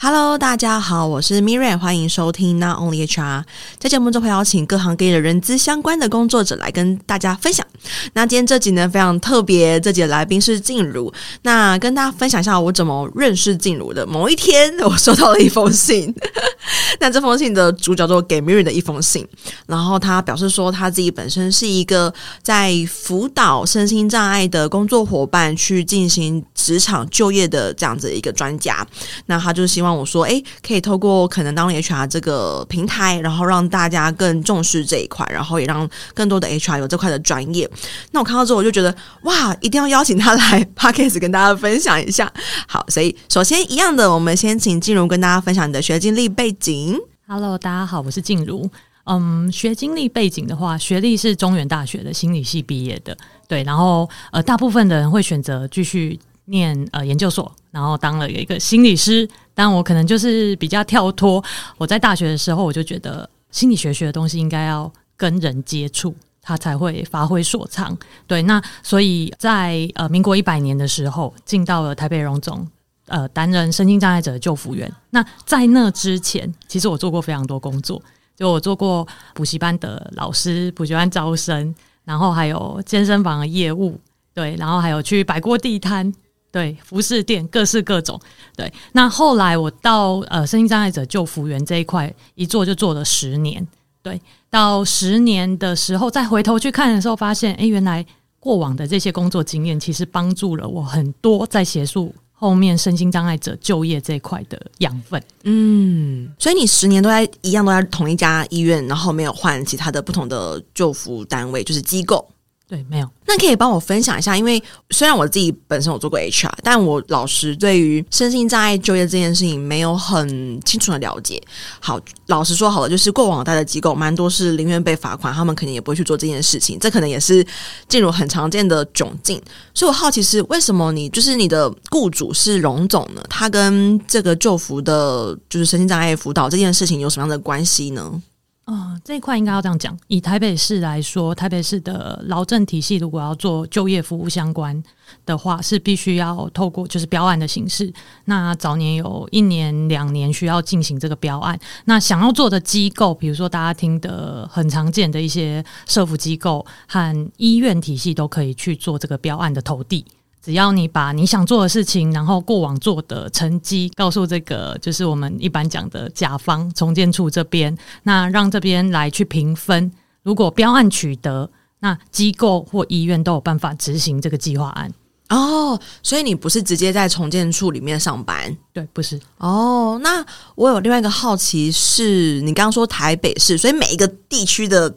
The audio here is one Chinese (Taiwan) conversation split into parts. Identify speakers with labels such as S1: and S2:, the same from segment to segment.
S1: Hello，大家好，我是 Miriam，歡迎收聽 Not Only HR。在節目中會邀請各行各業的人資相關的工作者來跟大家分享。那今天這集呢，非常特別，這集的來賓是靜如。那跟大家分享一下我怎麼認識靜如的。某一天，我收到了一封信。 那這封信的主角做給 Miriam 的一封信，然後他表示說他自己本身是一個在輔導身心障礙的工作夥伴去進行職場就業的這樣子一個專家。那他就希望，讓我說，誒，可以透過可能當 HR 這個平台，然後讓大家更重視這一塊，然後也讓更多的 HR 有這塊的專業。那我看到之後，我就覺得，哇，一定要邀請他來 Podcast 跟大家分享一下。好，所以首先一樣的，我們先請靜如跟大家分享你的學經歷背景。Hello，大家好，我是靜
S2: 如。嗯，學經歷背景的話，學歷是中原大學的心理系畢業的。對，然後呃，大部分的人會選擇繼續。念呃研究所，然後當了有一個心理師，但我可能就是比較跳脫。我在大學的時候，我就覺得心理學學的東西應該要跟人接觸，他才會發揮所長。對，那所以在呃民國一百年的時候，進到了台北榮總，呃，擔任身心障礙者的就服員。那在那之前，其實我做過非常多工作，就我做過補習班的老師，補習班招生，然後還有健身房的業務，對，然後還有去擺過地攤。對，服飾店各式各種。對，那後來我到呃身心障礙者就服員這一塊，一做就做了十年。對，到十年的時候再回頭去看的時候，發現誒、欸，原來過往的這些工作經驗其實幫助了我很多，在協助後面身心障礙者
S1: 就業這一塊的養分。嗯，所以你十年都在一樣都在同一家醫院，然後沒有換其他的不同的就服單位，就是機構？對，沒有。那可以幫我分享一下，因為雖然我自己本身有做過 HR，但我老實對於身心障礙就業這件事情沒有很清楚的了解。好，老實說，好了，就是過往我帶的機構蠻多是寧願被罰款，他們肯定也不會去做這件事情，這可能也是進入很常見的窘境。所以我好奇是為什麼你就是你的雇主是榮總呢？他跟這個就服的，就是身心障礙輔導這件事情有什麼樣的關係呢？
S2: 啊、哦，這一塊應該要這樣講。以台北市來說，台北市的勞政體系如果要做就業服務相關的話，是必須要透過就是標案的形式。那早年有一年兩年需要進行這個標案，那想要做的機構，比如說大家聽得很常見的一些社福機構和醫院體系，都可以去做這個標案的投遞。只要你把你想做的事情，然後過往做的成績告訴這個，就是我們一般講的甲方重建處這邊，那讓這邊來去評分。如果標案取得，那機構或醫院都有
S1: 辦法執行這個計劃案。哦，所以你不是直接在重建處裡面上班？對，不是。哦，那我有另外一個好奇是，是你剛剛說台北市，所以每一個地區的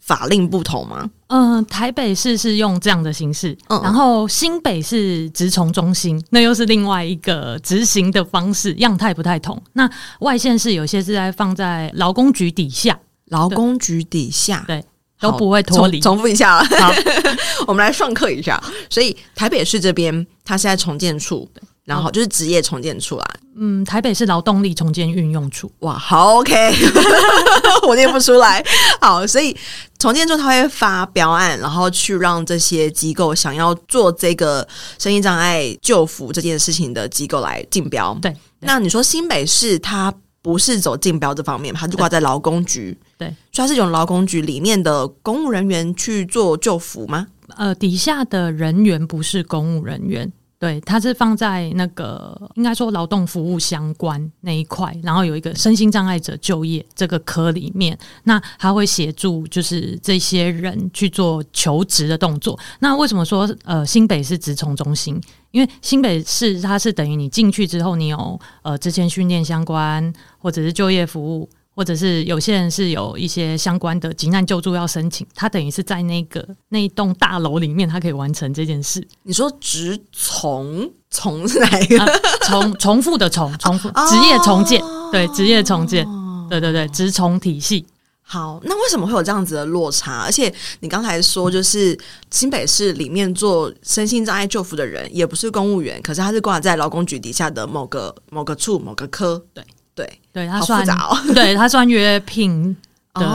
S1: 法令不同嗎？嗯、
S2: 呃，台北市是用這樣的形式，嗯、然後新北市職重中心，那又是另外一個執行的方式，樣態不太同。那外縣市有些是在放在勞工局底下，
S1: 勞工局底下對，對，都不會脫離。重複一下，好， 我們來上課一下。所以台北市這邊，它是在重建處。然後就是職業重建出來，嗯，台北市勞動力重建運用處，哇，好 OK， 我念不出來。 好，所以重建之後他會發標案，然後去讓這些機構想要做這個身心障礙就服這件事情的機構來競標。對，對那你說新北市它不是走競標這方面它就掛在勞工局，對，對所以它是用勞工局裡面的公務人員去做就服嗎？呃，底下的
S2: 人員不是公務人員。對，它是放在那個應該說勞動服務相關那一塊，然後有一個身心障礙者就業這個科裡面，那他會協助就是這些人去做求職的動作。那為什麼說呃新北市職重中心？因為新北市它是等於你進去之後，你有呃之前訓練相關或者是就業服務。或者是有些人是有一些相關的急難救助要申請，他等於是在那個那一棟大樓裡面，他可以完成這件事。你說“
S1: 職重重”是哪一個？
S2: 重、啊、重複的“重”，重複職、啊、業重建，啊、對職業重建，啊、對對對，職重體系。
S1: 好，那為什麼會有這樣子的落差？而且你剛才說，就是新北市裡面做身心障礙就服的人，也不是公務員，可是他是掛在勞工局底下的某個某個處、某個科，對。對，對他算，哦、
S2: 對他算約聘的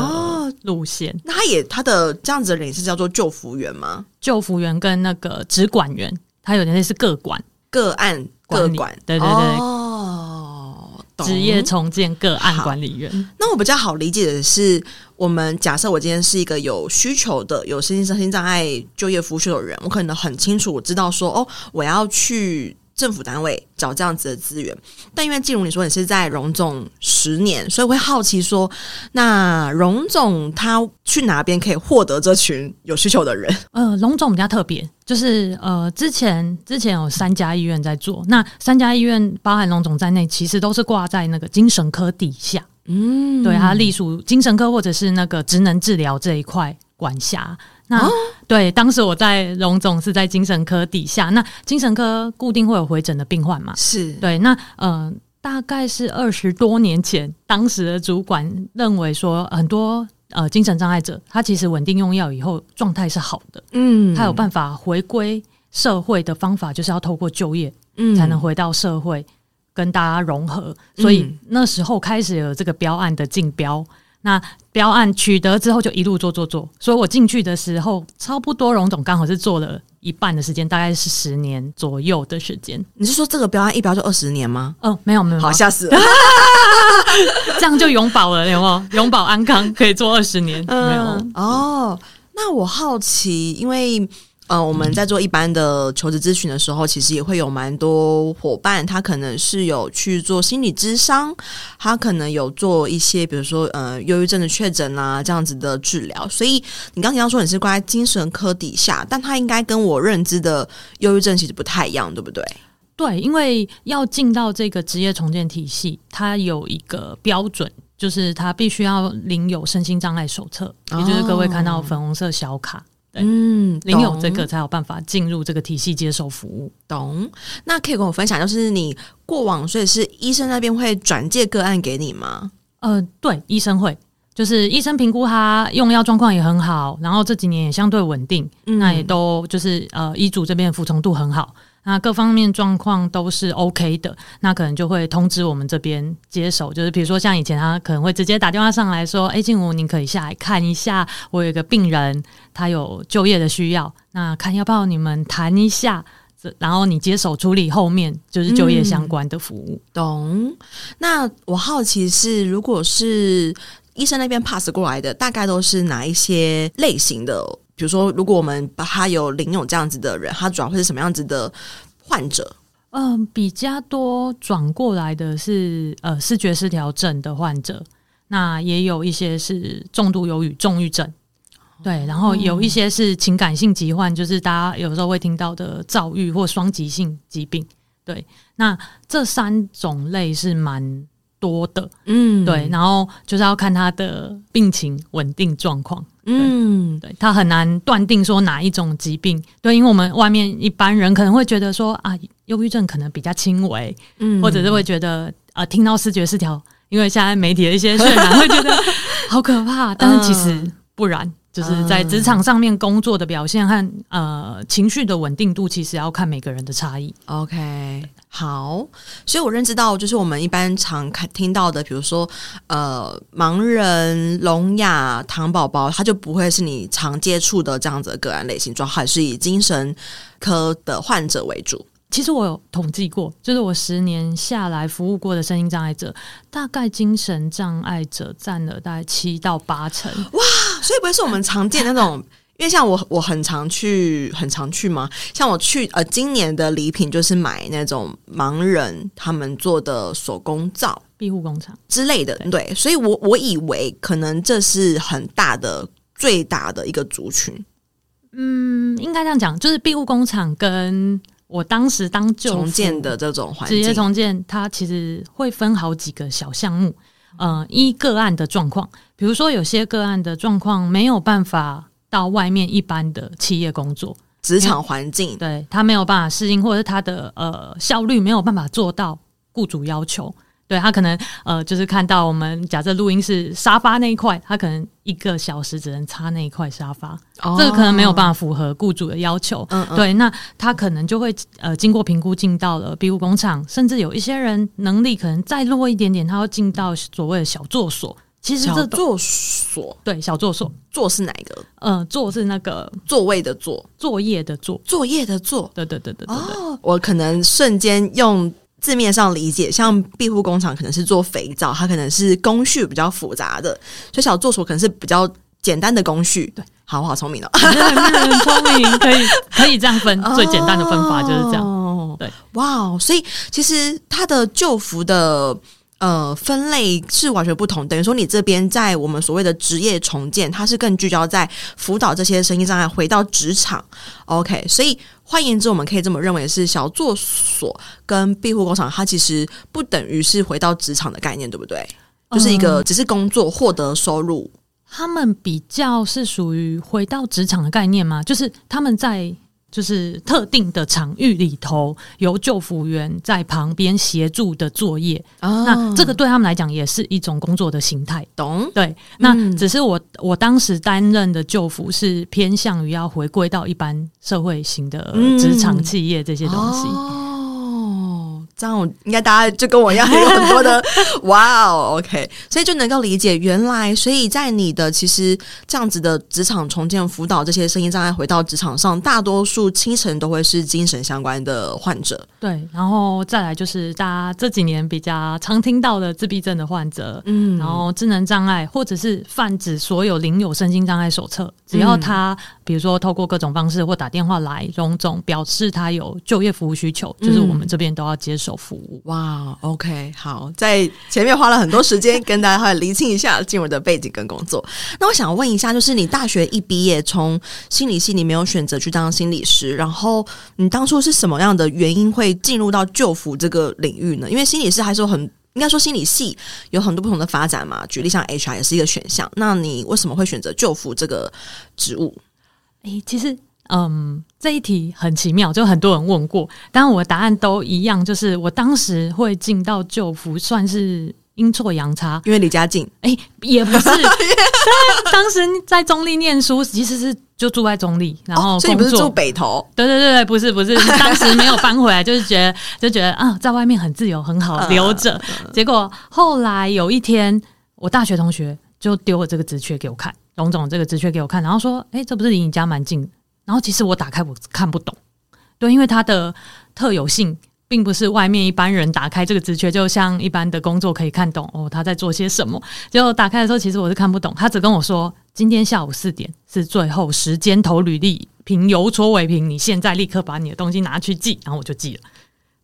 S1: 路線。哦、那他也他的這樣子的也是叫做就服員嗎？就服
S2: 員跟那個職管員，他有點類似個
S1: 管個案個管,管理，對對對。哦，職業重建個案管理員、哦。那我比較好理解的是，我們假設我今天是一個有需求的、有身心身心障礙就業服務需求的人，我可能很清楚，我知道說，哦，我要去。政府單位找這樣子的資源，但因為靜如你說你是在榮總十年，所以會好奇說，那榮總他去哪邊可以獲得這群有需求的人？呃，榮總比較特
S2: 別，就是呃，之前之前有三家醫院在做，那三家醫院包含榮總在內，其實都是掛在那個精神科底下。嗯，對，它隸屬精神科或者是那個職能治療這一塊管轄。那、哦、對，當時我在榮總是在精神科底下，那精神科固定會有回診的病患嘛？是對，那嗯、呃，大概是二十多年前，當時的主管認為說，很多呃精神障礙者，他其實穩定用藥以後狀態是好的，嗯，他有辦法回歸社會的方法，就是要透過就業，嗯，才能回到社會跟大家融合，所以、嗯、那時候開始有這個標案的競標。那標案取得之後就一路做做做，所以我進去的時候，差不多榮總剛好是做了一半的時間，大概是十年左右的時間。你是說這個標
S1: 案一標就二十年嗎？
S2: 嗯、哦，沒有沒有，好嚇死了， 這樣就永保了，有沒有？永保安康可以做二十年、
S1: 呃、有沒有？哦，那我好奇，因為。呃，我們在做一般的求職諮詢的時候，嗯、其實也會有蠻多夥伴，他可能是有去做心理諮商，他可能有做一些，比如說呃，憂鬱症的確診啊這樣子的治療。所以你剛提到說你是掛在精神科底下，但他應該跟我認知的憂鬱症其實不太一樣，對不對？
S2: 對，因為要進到這個職業重建體系，它有一個標準，就是他必須要領有身心障礙手冊，哦、也就是各位看到粉紅色小卡。嗯，你有這個才有
S1: 辦法進入這個體系接受服務，懂？那可以跟我分享，就是你過往，所以是醫生那邊會轉介個案給你嗎？
S2: 呃，
S1: 對，醫生會，就是
S2: 醫生評估他用藥狀況也很好，然後這幾年也相對穩定，嗯、那也都就是呃醫囑這邊服從度很好。那各方面狀況都是 OK 的，那可能就會通知我們這邊接手，就是比如說像以前他可能會直接打電話上來說：“哎、欸，靜茹，你可以下來看一下，我有一個病人，他有就業的需要，那看要不要你們談一下。”然後你接手處理後面就是就業相關的服務。
S1: 嗯、懂？那我好奇是，如果是醫生那邊 pass 過來的，大概都是哪一些類型的？比如說，如果我們把他有領有這樣子的人，他主要會是什麼樣子的患者？
S2: 嗯，比較多轉過來的是呃思覺失調症的患者，那也有一些是重度憂鬱重鬱症，對，然後有一些是情感性疾患，嗯、就是大家有時候會聽到的躁鬱或雙極性疾病，對，那這三種類是蠻多的，嗯，對，然後就是要看他的病情穩定狀況。對嗯，對他很難斷定說哪一種疾病。對，因為我們外面一般人可能會覺得說啊，憂鬱症可能比較輕微，嗯，或者是會覺得呃，聽到思覺失調，因為現在媒體的一些渲染， 會覺得好可怕，但是其實不然。嗯就是在職場上面工作的表現和，嗯、呃
S1: 情緒的穩定度，其實要看每個人的差異。OK，好，所以我認知到，就是我們一般常看聽到的，比如說呃盲人、聾啞、唐寶寶，他就不會是你常接觸的這樣子的個案類型，主要還是以精神科的患者為主。
S2: 其實我有統計過，就是我十年下來服務過的身心障礙者，大概精神障礙者佔了大概七到
S1: 八成。哇，所以不會是我們常見那種， 因為像我我很常去，很常去嘛。像我去呃，今年的禮品就是買那種盲人他們做的手工皂、
S2: 庇護工廠
S1: 之類的。對，所以我我以為可能這是很大的、最大的一個族群。
S2: 嗯，應該這樣講，就是庇護工廠跟。我當時當就重建的
S1: 這種環境，職業重
S2: 建，它其實會分好幾個小項目，呃，一個案的狀況。比如說，有些個案的狀況沒有辦法到外面一般的企業工作，職場環境，對他沒有辦法適應，或者是他的呃效率沒有辦法做到雇主要求。對他可能呃，就是看到我們假設錄音室沙發那一塊，他可能一個小時只能擦那一塊沙發，哦、這個可能沒有辦法符合雇主的要求。嗯,嗯對，那他可能就會呃，經過評估進到了庇護工廠，甚至有一些人能力可能再弱一點點，他會進到所謂的小作所。其實這座
S1: 所小動對小作所作、嗯、是哪一個？呃，作是那個座位的座，作業的作，作業的作。的對,對,對對對對對。對、哦、我可能瞬間用。字面上理解，像庇護工廠可能是做肥皂，它可能是工序比較複雜的，所以小作所可能是比較簡單的工序。對，好，好聰明的、哦，聰、嗯嗯、明，可以，可以這樣分，哦、最簡單的分法就是這樣。對，哇，wow, 所以其實它的就服的呃分類是完全不同，等於說你這邊在我們所謂的職業重建，它是更聚焦在輔導這些身心障礙回到職場。OK，所以。換言之，我們可以這麼認為：是小作所跟庇護工廠，它其實不等於是回到職場的概念，對不對？嗯，就是一個只是工作獲得收入，
S2: 他們比較是屬於回到職場的概念嗎？就是他們在。就是特定的場域裡頭，由就服員在旁邊協助的作業，哦、那這個對他們來講也是一種工作的形態，懂？對，那只是我、嗯、我當時擔任的就服是偏向於要回歸到一般社會型的
S1: 職、嗯呃、場企
S2: 業這些東西。哦。
S1: 這樣我應該大家就跟我一樣有很多的哇哦、 wow,，OK，所以就能夠理解原來，所以在你的其實這樣子的職場重建輔導，這些身心障礙回到職場上，大多數清晨都會是精神相關的患者。
S2: 對，然後再來就是大家這幾年比較常聽到的自閉症的患者，嗯，然後智能障礙，或者是泛指所有領有身心障礙手冊，只要他、嗯、比如說透過各種方式或打電話來種種表示他有就業服務需求，嗯、就是我們這邊都要接受。手服，哇、
S1: wow,，OK，好，在前面花了很多時間跟大家來厘清一下進入的背景跟工作。 那我想問一下，就是你大學一畢業，從心理系你沒有選擇去當心理師，然後你當初是什麼樣的原因會進入到就服這個領域呢？因為心理師還是有很應該說心理系有很多不同的發展嘛。舉例像 HR 也是一個選項，那你為什麼會選擇就服這個職務？誒、欸，其實嗯。
S2: 這一題很奇妙，就很多人問過，但我答案都一樣，就是我當時會進到就服，算是陰錯陽差，因為離家近。哎、欸，也不是， 當時在中壢念書，其實是就住在中壢，然後、哦、所以不是住北投。對對對，不是不是，當時沒有搬回來，就是覺得就覺得，就覺得啊，在外面很自由很好留，留着、嗯。嗯、結果後來有一天，我大學同學就丟了這個職缺給我看，榮總，總這個職缺給我看，然後說，哎、欸，這不是離你家蠻近的？然後其實我打開我看不懂，對，因為它的特有性並不是外面一般人打開這個職缺，就像一般的工作可以看懂哦，他在做些什麼。結果打開的時候，其實我是看不懂。他只跟我說，今天下午四點是最後時間投履歷，憑郵戳為憑。你現在立刻把你的東西拿去寄。然後我就寄了，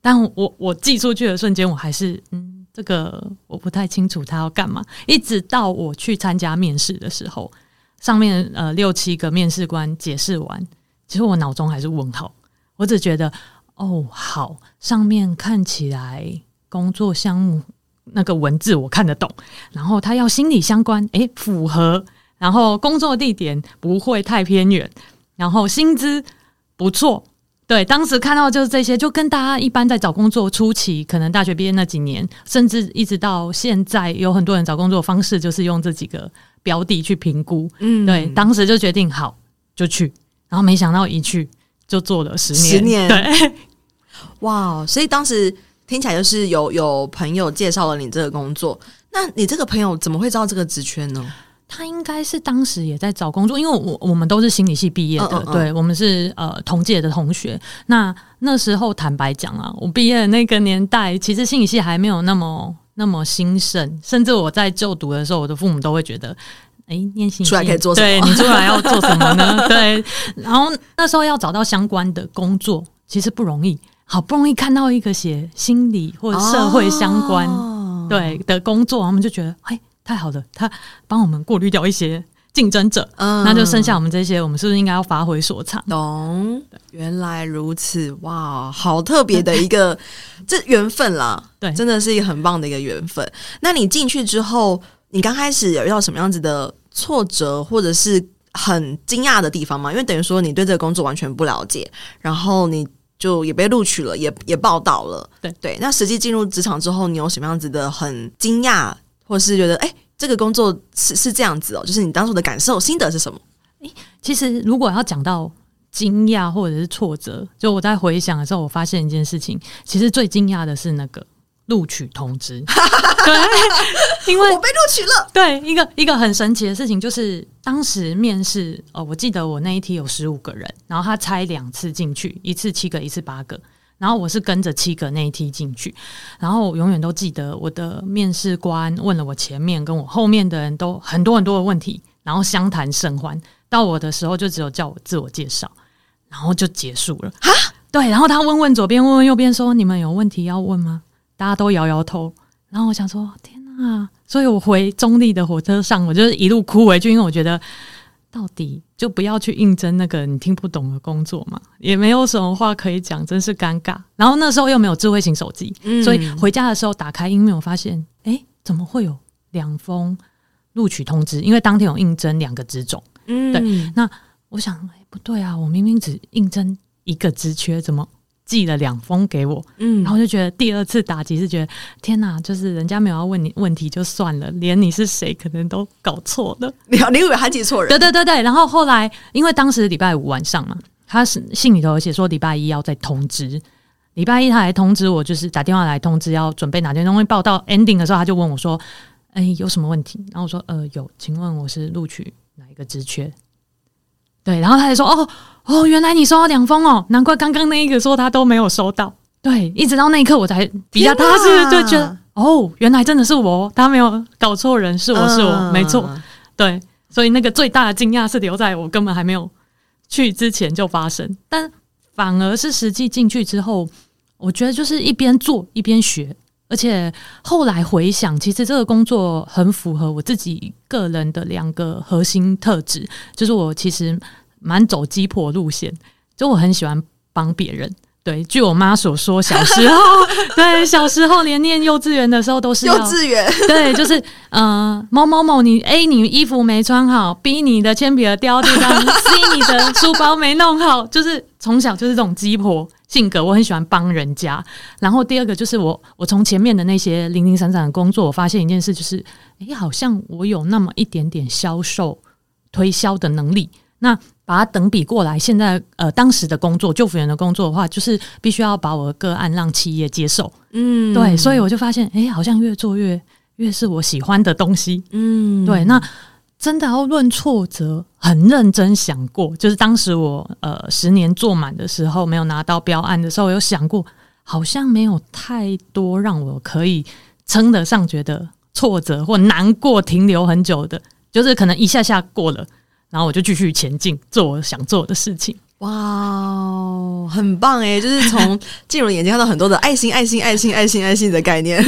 S2: 但我我寄出去的瞬間，我還是嗯，這個我不太清楚他要幹嘛。一直到我去參加面試的時候。上面呃六七個面試官解釋完，其實我腦中還是問號，我只覺得哦好，上面看起來工作項目那個文字我看得懂，然後他要心理相關，誒，符合，然後工作地點不會太偏遠，然後薪資不錯，對，當時看到就是這些，就跟大家一般在找工作初期，可能大學畢業那幾年，甚至一直到現在，有很多人找工作方式就是用這幾個標的去評估，嗯，對，當時就決定好就去，然後沒想到一去就
S1: 做了十年，十年，對，哇，wow, 所以當時聽起來就是有有朋友介紹了你這個工作，那你這個朋友怎麼會知道這個職缺呢？
S2: 他應該是當時也在找工作，因為我我們都是心理系畢業的，嗯嗯嗯，對，我們是呃同屆的同學。那那時候坦白講啊，我畢業的那個年代，其實心理系還沒有那麼那麼興盛，甚至我在就讀的時候，我的父母都會覺得，哎、欸，念心出來可以做什麼？對，你出來要
S1: 做什麼呢？
S2: 對，然後那時候要找到相關的工作，其實不容易，好不容易看到一個寫心理或社會相關、哦、對的工作，他們就覺得，哎、欸，太好了，他幫我們過濾掉一些。競爭者，嗯，那就剩下我們這些，我們是不是應該要發揮所長？懂，對原
S1: 來如此，哇，好特別的一個 這緣分啦，對，真的是一個很棒的一個緣分。那你進去之後，你剛開始有遇到什麼樣子的挫折，或者是很驚訝的地方嗎？因為等於說你對這個工作完全不了解，然後你就也被錄取了，也也報道了，對對。那實際進入職場之後，你有什麼樣子的很驚訝，或是覺得誒。欸這個工作是是這樣子哦，就是你當初的感受，心得是什麼？哎，其實如果要講到驚訝
S2: 或者是挫折，就我在回想的時候，我發現一件事情，其實最驚訝的是那個錄取通知。 對，因為我被錄取了。對，一個一個很神奇的事情，就是當時面試哦，我記得我那一梯有十五個人，然後他拆兩次進去，一次七個，一次八個。然後我是跟着七個那一梯進去，然後我永遠都記得我的面試官問了我前面跟我後面的人都很多很多的問題，然後相談甚歡。到我的時候就只有叫我自我介紹，然後就結束了啊！對，然後他問問左邊，問問右邊說，說你們有問題要問嗎？大家都搖搖頭。然後我想說天哪！所以我回中壢的火車上，我就是一路哭回去，我就因為我覺得。到底就不要去應徵那個你聽不懂的工作嘛，也沒有什麼話可以講，真是尷尬。然後那時候又沒有智慧型手機，嗯、所以回家的時候打開音 m a 發現，哎、欸，怎麼會有兩封錄取通知？因為當天有應徵兩個職種，嗯，對。那我想，哎、欸，不對啊，我明明只應徵一個職缺，怎麼？寄了兩封給我，嗯，然後就覺得第二次打擊是覺得天哪，就是人家沒有要問你問題就算了，連你是誰可能都搞錯了，你你以為還寄錯人？對對對對，然後後來因為當時禮拜五晚上嘛，他是信裡頭寫說禮拜一要再通知，禮拜一他還通知我，就是打電話來通知要準備哪件東西。報到 ending 的時候，他就問我說：“誒，有什麼問題？”然後我說：“呃，有，請問我是錄取哪一個職缺？”對，然後他就說：“哦。”哦，原來你收到兩封哦，難怪剛剛那一個說他都沒有收到。對，一直到那一刻我才比較踏實，啊、他是是就覺得哦，原來真的是我，他沒有搞錯人，是我是我，呃、沒錯。對，所以那個最大的驚訝是留在我根本還沒有去之前就發生，但反而是實際進去之後，我覺得就是一邊做一邊學，而且後來回想，其實這個工作很符合我自己個人的兩個核心特質，就是我其實。蠻走雞婆路線，就我很喜歡幫別人。對，據我媽所說，小時候， 對，小時候連念幼稚園的時候都是幼稚園， 對，就是嗯、呃，某某某你，你 A，你衣服沒穿好，B，你的鉛筆盒掉地上 C 你的書包沒弄好， 就是從小就是這種雞婆性格。我很喜歡幫人家。然後第二個就是我，我從前面的那些零零散散的工作，我發現一件事，就是哎、欸，好像我有那麼一點點銷售、推銷的能力。那把它等比過來。現在，呃，當時的工作，就服員的工作的話，就是必須要把我的個案讓企業接受。嗯，對，所以我就發現，哎、欸，好像越做越越是我喜歡的東西。嗯，對。那真的要論挫折，很認真想過，就是當時我呃十年做滿的時候，沒有拿到標案的時候，我有想過，好像沒有太多讓我可以稱得上，覺得挫折或難過停留很久的，就是可能一下下過了。然後我就繼續前進，做我想做的事情。
S1: 哇，wow, 很棒誒、欸！就是從進入眼睛看到很多的愛心、愛心、愛心、愛心、愛心的概念。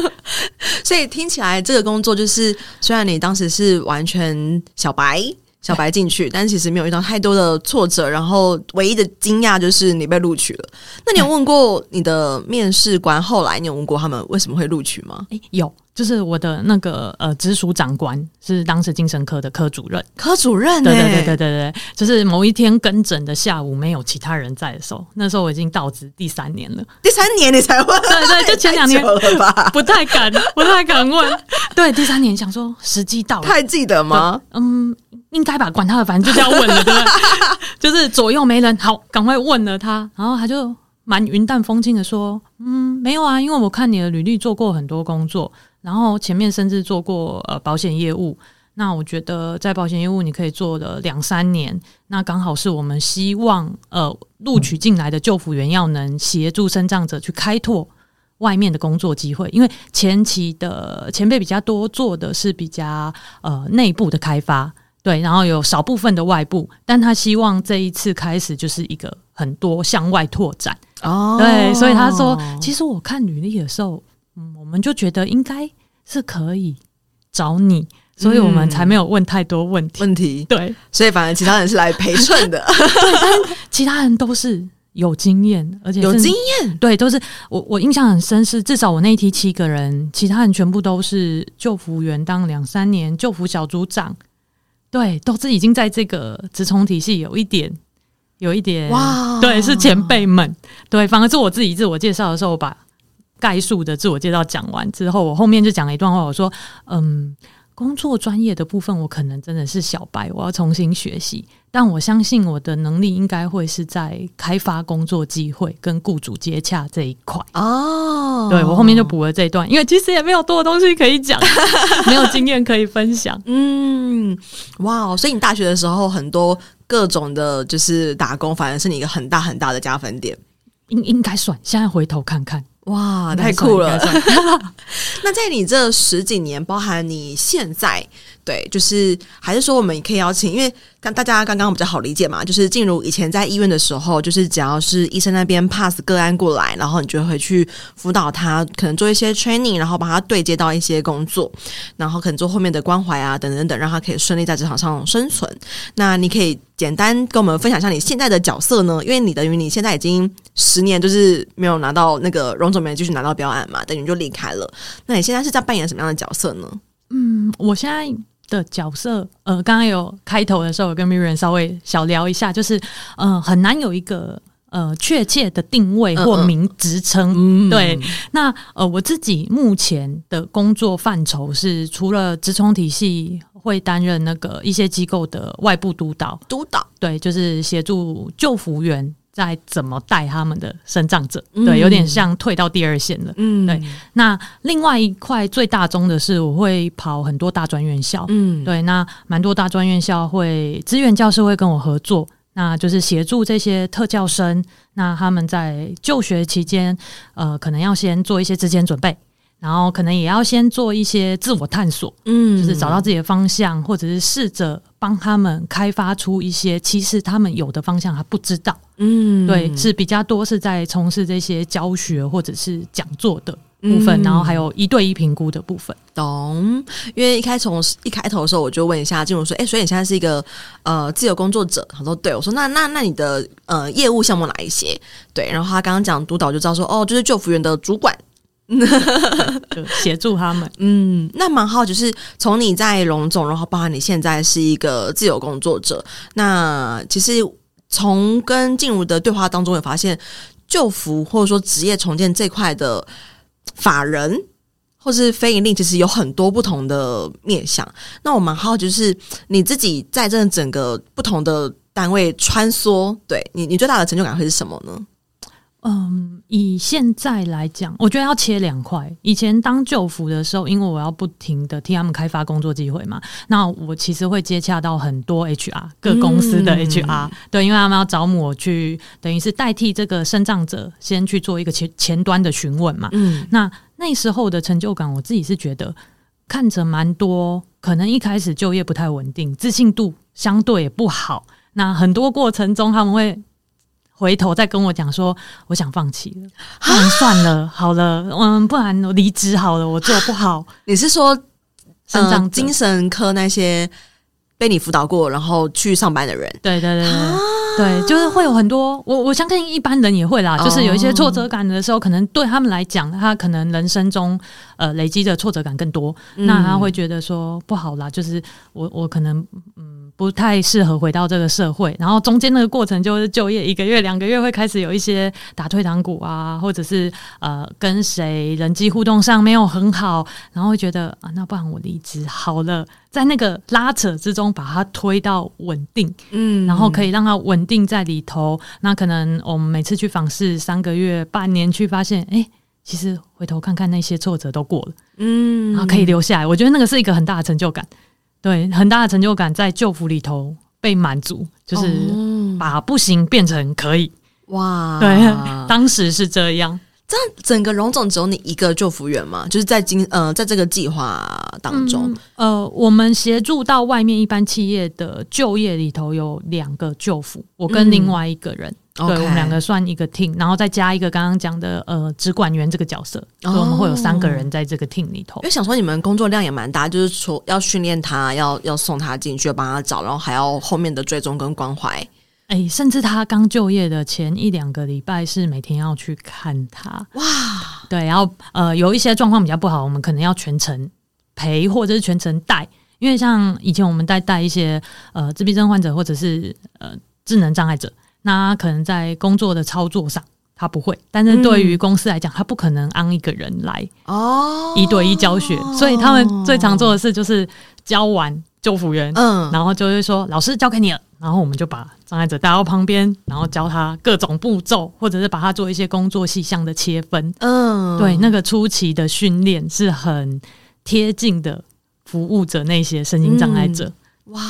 S1: 所以聽起來這個工作就是，雖然你當時是完全小白、小白進去，對但其實沒有遇到太多的挫折。然後唯一的驚訝就是你被錄取了。那你有問過你的面試官，嗯、後來你有問過他們為什麼會錄取嗎？誒、欸，有。
S2: 就是我的那個呃直屬長官是當時精神科的
S1: 科主任，科主任欸。對對對對
S2: 對對，就是某一天跟診的下午，沒有其他人在的時候，那時候我已經到職第三年了。
S1: 第三年你才問？對，對對，就前兩年
S2: 吧？不太敢，不太敢問。 對，第三年想說時機到了。太記得嗎？嗯，應該吧。管他的，反正就是要問了，對不對？ 就是左右沒人，好，趕快問了他。然後他就蠻雲淡風輕的說：“嗯，沒有啊，因為我看你的履歷做過很多工作。”然後前面甚至做過呃保險業務，那我覺得在保險業務你可以做了兩三年，那剛好是我們希望呃錄取進來的就服員要能協助身障者去開拓外面的工作機會，因為前期的前輩比較多做的是比較呃內部的開發，對，然後有少部分的外部，但他希望這一次開始就是一個很多向外拓展哦，對，所以他說其實我看履歷的時候。嗯，我們就覺得應該是可以找你，嗯、所以我們才沒有問太
S1: 多問題。問題對，所以反而其他人是來陪襯的，
S2: 其他人都是有經驗，而且有經驗，對，都是我我印象很深，是至少我那一梯七個人，其他人全部都是就服員，當兩三年就服小組長，對，都是已經在這個職重體系有一點，有一點哇，對，是前輩們，對，反正是我自己自我介紹的時候吧。概述的自我介紹講完之後，我後面就講了一段話，我說：“嗯，工作專業的部分，我可能真的是小白，我要重新學習。但我相信我的能力應該會是在開發工作機會、跟雇主接洽這一塊。”哦，
S1: 對，我後面
S2: 就補了這段，因為其實也沒有多的東西可以講， 沒有經驗可以分
S1: 享。嗯，哇、哦，所以你大學的時候很多各種的就是打工，反正是你一個很大很大的加分點，
S2: 應應該算。現在回頭看看。哇，太酷了！
S1: 那在你這十幾年，包含你現在，對，就是還是說，我們也可以邀請，因為剛大家剛剛比較好理解嘛，就是靜如以前在醫院的時候，就是只要是醫生那邊 pass 個案過來，然後你就會去輔導他，可能做一些 training，然後把他對接到一些工作，然後可能做後面的關懷啊，等等等等，讓他可以順利在職場上生存。那你可以簡單跟我們分享一下你現在的角色呢？因為你等於你現在已經。十年，就是沒有拿到那個榮總，沒繼續拿到標案嘛，等於就離開了。那你現在是在扮演什麼樣的角色呢？嗯，
S2: 我現在的角色，呃，剛剛有開頭的時候，我跟 Miriam 稍微小聊一下，就是，呃，很難有一個呃確切的定位或名職稱。嗯嗯，對，那呃，我自己目前的工作範疇是，除了職重體系會擔任那個一些機構的外部督導，督導，對，就是協助就服員。在怎麼帶他們的生長者，嗯、對，有點像退到第二線了。嗯，對。那另外一塊最大宗的是，我會跑很多大專院校。嗯，對。那蠻多大專院校會資源教師會跟我合作，那就是協助這些特教生，那他們在就學期間，呃，可能要先做一些職前準備，然後可能也要先做一些自我探索，嗯，就是找到自己的方向，或者是試着。幫他們開發出一些，其實他們有的方向還不知道。嗯，對，是比較多是在從事這些教學或者是講座的部分，嗯、然後還
S1: 有一對一評估的部分。懂。因為一開從一開頭的時候，我就問一下靜如說：“哎、欸，所以你現在是一個呃自由工作者？”他說：“對。”我說：“那那那你的呃業務項目哪一些？”對，然後他剛剛講督導就知道說：“哦，就是就服員的主管。” 就協助他們。嗯，那蠻好。就是從你在榮總，然後包含你現在是一個自由工作者。那其實從跟靜如的對話當中，有發現就服或者說職業重建這塊的法人或是非營利，其實有很多不同的面向。那我蠻好就是你自己在這整個不同的單位穿梭，對你，你最大的成就感會是什麼呢？嗯。
S2: 以現在來講，我覺得要切兩塊。以前當就服的時候，因為我要不停的替他們開發工作機會嘛，那我其實會接洽到很多 HR 各公司的 HR，嗯，對，因為他們要找我去，等於是代替這個身障者先去做一個前前端的詢問嘛。嗯，那那時候的成就感，我自己是覺得看着蠻多，可能一開始就業不太穩定，自信度相對也不好。那很多過程中他們會。回頭再跟我講說，我想放棄了。哈不然算了，好了，嗯，不然我離職
S1: 好了，我做不好。你是說，
S2: 長、呃、精
S1: 神科那些被你輔導過，然後去上班的人？對，對對對。對，就是會有很多，我我相
S2: 信一般人也會啦。Oh. 就是有一些挫折感的時候，可能對他們來講，他可能人生中呃累積的挫折感更多，
S1: 嗯、那他會
S2: 覺得說不好啦，就是我我可能嗯不太適合回到這個社會。然後中間那個過程，就是就業一個月、兩個月會開始有一些打退堂鼓啊，或者是呃跟誰人際互動上沒有很好，然後會覺得啊那不然我離職好了。在那個拉扯之中，把它推到穩定，嗯，然後可以讓它穩定在裡頭。嗯、那可能我們每次去訪視三個月、半年去發現，哎，其實回頭看看那些挫折都過了，嗯，然後可以留下來。我覺得那個是一個很大的成就感，對，很大的成就感在就服裡頭被滿足，就是把不行變成可以，
S1: 哇、哦，對，當時是這樣。這樣整個榮總只有你一個就服員嗎就是在今呃，在這個計劃當中、
S2: 嗯，呃，我們協助到外面一般企業的就業裡頭有兩個就服，我跟另外一個人，嗯、對，Okay. 我們兩個算一個 team，然後再加一個剛剛講的呃，職管員這個角色，所以我們會有三個人在這個 team
S1: 裡頭、哦。因為想說你們工作量也蠻大，就是說要訓練他，要要送他進去，要幫他找，然後還要後面的追蹤跟關懷。
S2: 欸，甚至他剛就業的前一兩個禮拜是每天要去看他，哇，對，然後呃，有一些狀況比較不好，我們可能要全程陪或者是全程帶，因為像以前我們在帶，帶一些呃自閉症患者或者是呃智能障礙者，那可能在工作的操作上他不會，但是對於公司來講，嗯、他不可能安一個人來哦，一對一教學，哦、所以他們最常做的事就是教完就服員，嗯，然後就會說老師交給你了。然後我們就把障礙者帶到旁邊，然後教他各種步驟，或者是把他做一些工作細項的切分。嗯，對，那個初期的訓練是很貼近的服務著那些身心障礙者，嗯。哇，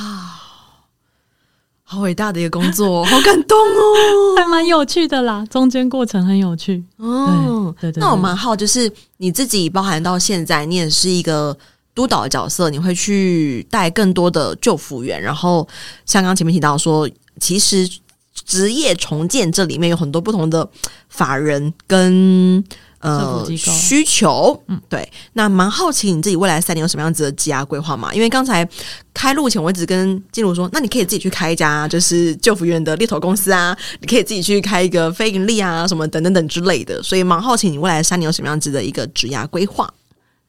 S1: 好偉大的一個工作，好感動哦，還蠻有趣的啦，中間過程很有趣。哦對，對對，對。那我蠻好奇，就是你自己包含到現在，你也是一個。督導的角色，你會去帶更多的就服員。然後，像剛前面提到說，其實職業重建這裡面有很多不同的法人跟呃需求。嗯，對。那蠻好奇你自己未來三年有什麼樣子的職涯規劃嘛？因為剛才開錄前，我一直跟靜如說，那你可以自己去開一家就是就服員的獵頭公司啊，你可以自己去開一個非營利啊什麼等等等之類的。所以蠻好奇你未來三年有什麼樣子的一個職涯規劃？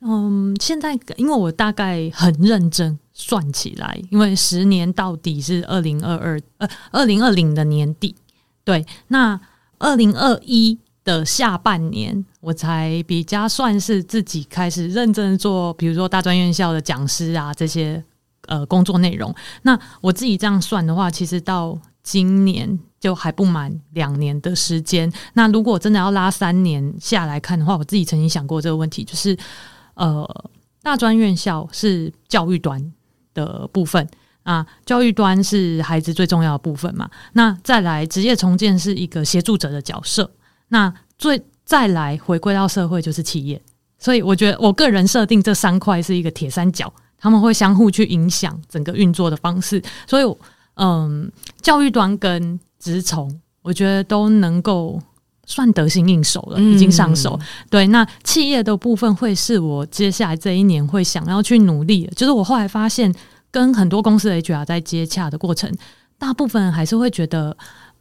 S2: 嗯，現在因為我大概很認真算起來，因為十年到底是二零二二呃二零二零的年底，對，那二零二一的下半年我才比較算是自己開始認真做，比如說大專院校的講師啊這些呃工作內容。那我自己這樣算的話，其實到今年就還不滿兩年的時間。那如果真的要拉三年下來看的話，我自己曾經想過這個問題，就是。呃，大專院校是教育端的部分啊，教育端是孩子最重要的部分嘛。那再來職業重建是一個協助者的角色，那最再來回歸到社會就是企業。所以我覺得我個人設定這三塊是一個鐵三角，他們會相互去影響整個運作的方式。所以，嗯、呃，教育端跟職重，我覺得都能夠。算得心應手了，已經上手。嗯、對，那企業的部分會是我接下來這一年會想要去努力，就是我後來發現，跟很多公司的 HR 在接洽的過程，大部分還是會覺得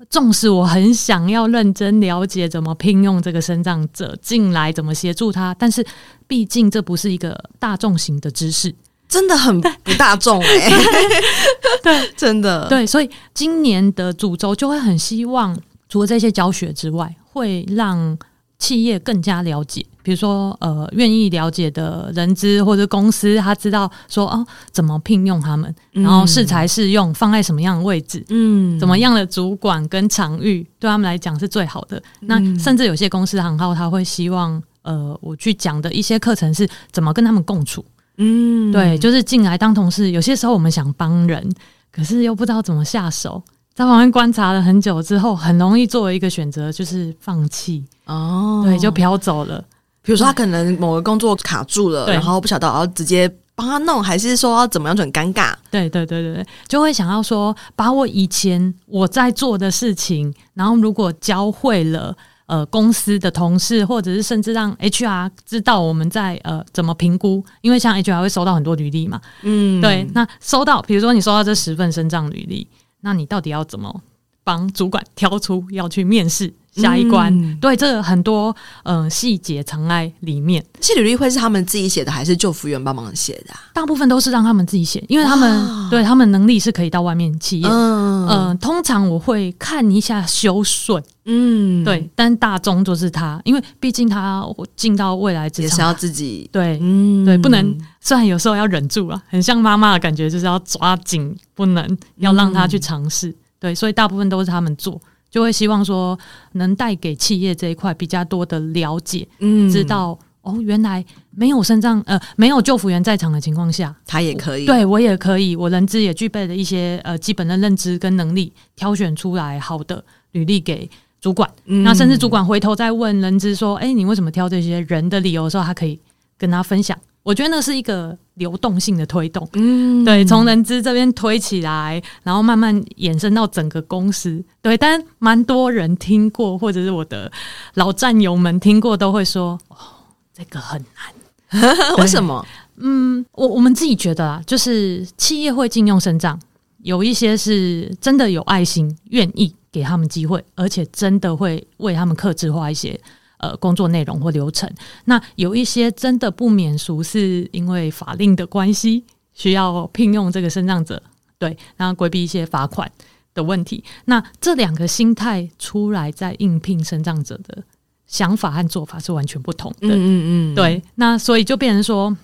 S2: 重視。我很想要認真了解怎麼聘用這個身障者進來，怎麼協助他。但是，畢竟這不是一個大眾型的知識，真的很不大眾哎。對， 對對真的對。所以今年的主軸就會很希望，除了這些教學之外。會讓企業更加了解，比如說呃，願意了解的人資或者公司，他知道說哦，怎麼聘用他們，嗯、然後適才適用放在什麼樣的位置，嗯，怎麼樣的主管跟場域對他們來講是最好的。嗯、那甚至有些公司行號，他會希望呃，我去講的一些課程是怎麼跟他們共處，嗯，對，就是進來當同事。有些時候我們想幫人，可是又不知道怎麼下手。在旁邊觀察了很久之後，很容易做一個選
S1: 擇就是放棄哦，對，就飄走了。比如說，他可能某個工作卡住了，對然後不曉得，然後直接幫他弄，還是說怎麼樣，就很尷尬。對對對對對，
S2: 就會想要說，把我以前我在做的事情，然後如果教會了呃公司的同事，或者是甚至讓 HR 知道我們在呃怎麼評估，因為像 HR 會收到很多履歷嘛，嗯，對。那收到，比如說你收到這十份身障履歷。那你到底要怎麼幫主管挑出要去面試？下一關，嗯、對，這個、很多嗯細節藏在裡面，其實履歷會是他們自己寫的還是就服員幫忙寫的、啊？大部分都是讓他們自己寫，因為他們哇對他們能力是可以到外面企業。嗯、呃，通常我會看一下修損，嗯，對，但大眾就是他，因為畢竟他進到未來職場也是要自己對，嗯，對，不能，雖然有時候要忍住了、啊，很像媽媽的感覺，就是要抓緊，不能要讓他去嘗試，嗯、對，所以大部分都是他們做。就會希望說能帶給企業這一塊比較多的了解，嗯，知道哦，原來沒有身障呃，沒有就服員在場的情況下，他也可以，我對我也可以，我人資也具備了一些呃基本的認知跟能力，挑選出來好的履歷給主管，嗯，那甚至主管回頭再問人資說，哎，你為什麼挑這些人的理由的時候，他可以跟他分享。我覺得那是一個流動性的推動，嗯，對，從人資這邊推起來，然後慢慢延伸到整個公司，對。但蠻多人聽過，或者是我的老戰友們聽過，都會說哦，這個很難。呵
S1: 呵對為什麼？嗯，
S2: 我我們自己覺得啊，就是企業會進用身障，有一些是真的有愛心，願意給他們機會，而且真的會為他們客製化一些。呃，工作內容或流程，那有一些真的不免俗，是因為法令的關係，需要聘用這個身障者，對，然後規避一些罰款的問題。那這兩個心態出來，在應聘身障者的想法和做法是完全不同的。嗯，嗯嗯，對，那所以就變成說，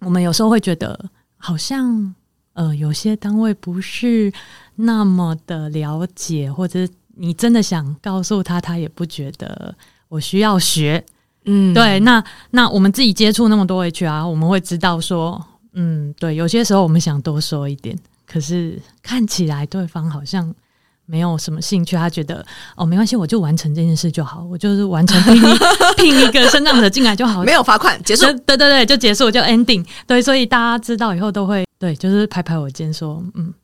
S2: 我們有時候會覺得，好像呃，有些單位不是那麼的了解，或者你真的想告訴他，他也不覺得。我需要學，嗯，對，那那我們自己接觸那麼多 HR，我們會知道說，嗯，對，有些時候我們想多說一點，可是看起來對方好像沒有什麼興趣，他覺得哦，沒關係，我就完成這件事就好，我就是完成聘一聘一個身障的進來就好，沒有罰款結束，對對對，就結束就 ending，對，所以大家知道以後都會對，就是拍拍我肩說，嗯，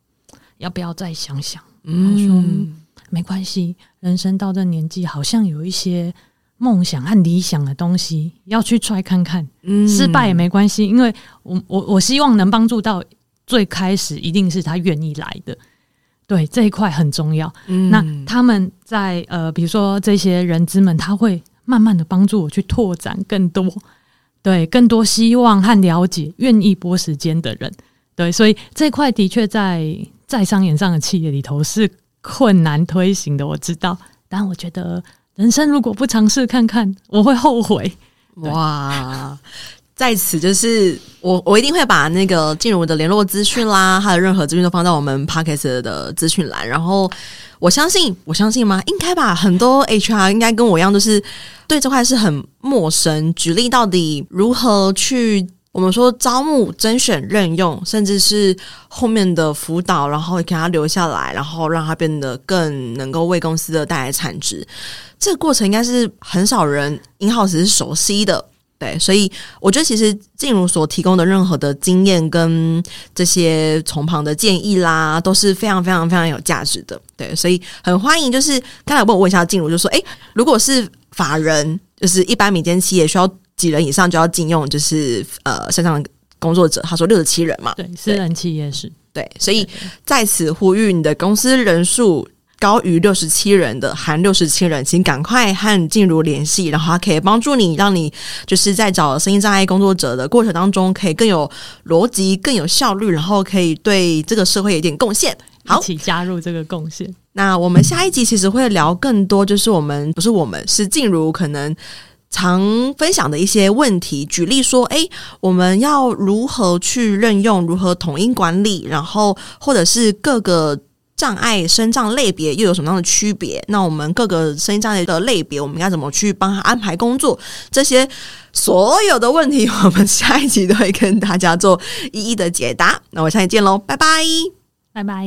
S2: 要不要再想想？說嗯，沒關係，人生到這年紀好像有一些。夢想和理想的東西，要去 try 看看，嗯、失敗也沒關係，因為我我我希望能幫助到最開始一定是他願意來的，對這一塊很重要。嗯、那他們在呃，比如說這些人資們，他會慢慢的幫助我去拓展更多，對更多希望和了解願意撥時間的人，對，所以這塊的確在在商言商的企業裡頭是困難推行的，我知道，但我覺得。
S1: 人生如果不嘗試看看，我會後悔。哇，在此就是我，我一定會把那個進入我的聯絡資訊啦，他的任何資訊都放到我們 Podcast 的資訊欄。然後我相信，我相信嗎？應該吧。很多 HR 應該跟我一樣，都是對這塊是很陌生。舉例到底如何去？我們說招募、甄選、任用，甚至是後面的輔導，然後給他留下來，然後讓他變得更能夠為公司的帶來產值，這個過程應該是很少人 in-house 是熟悉的，對，所以我覺得其實靜如所提供的任何的經驗跟這些從旁的建議啦，都是非常非常非常有價值的，對，所以很歡迎。就是剛才我問一下靜如，就是說：誒，如果是法人，就是一般民間企業，需要？幾人以上就要進用，就是呃，身障的工作者，他說六十七人嘛，對，對，私人企業也是對，所以在此呼籲，你的公司人數高於六十七人的，含六十七人，請趕快和靜如聯繫，然後他可以幫助你，讓你就是在找身心障礙工作者的過程當中，可以更有邏輯、更有效率，然後可以對這個社會有一點貢獻，好，一起加入這個貢獻。那我們下一集其實會聊更多，就是我們不是我們，是靜如可能。常分享的一些問題，舉例說，誒，我們要如何去任用，如何統一管理，然後或者是各個障礙身障類別又有什麼樣的區別？那我們各個身心障礙的類別，我們應該怎麼去幫他安排工作？這些所有的問題，我們下一集都會跟大家做一一的解答。那我下期見嘍，拜拜，拜拜。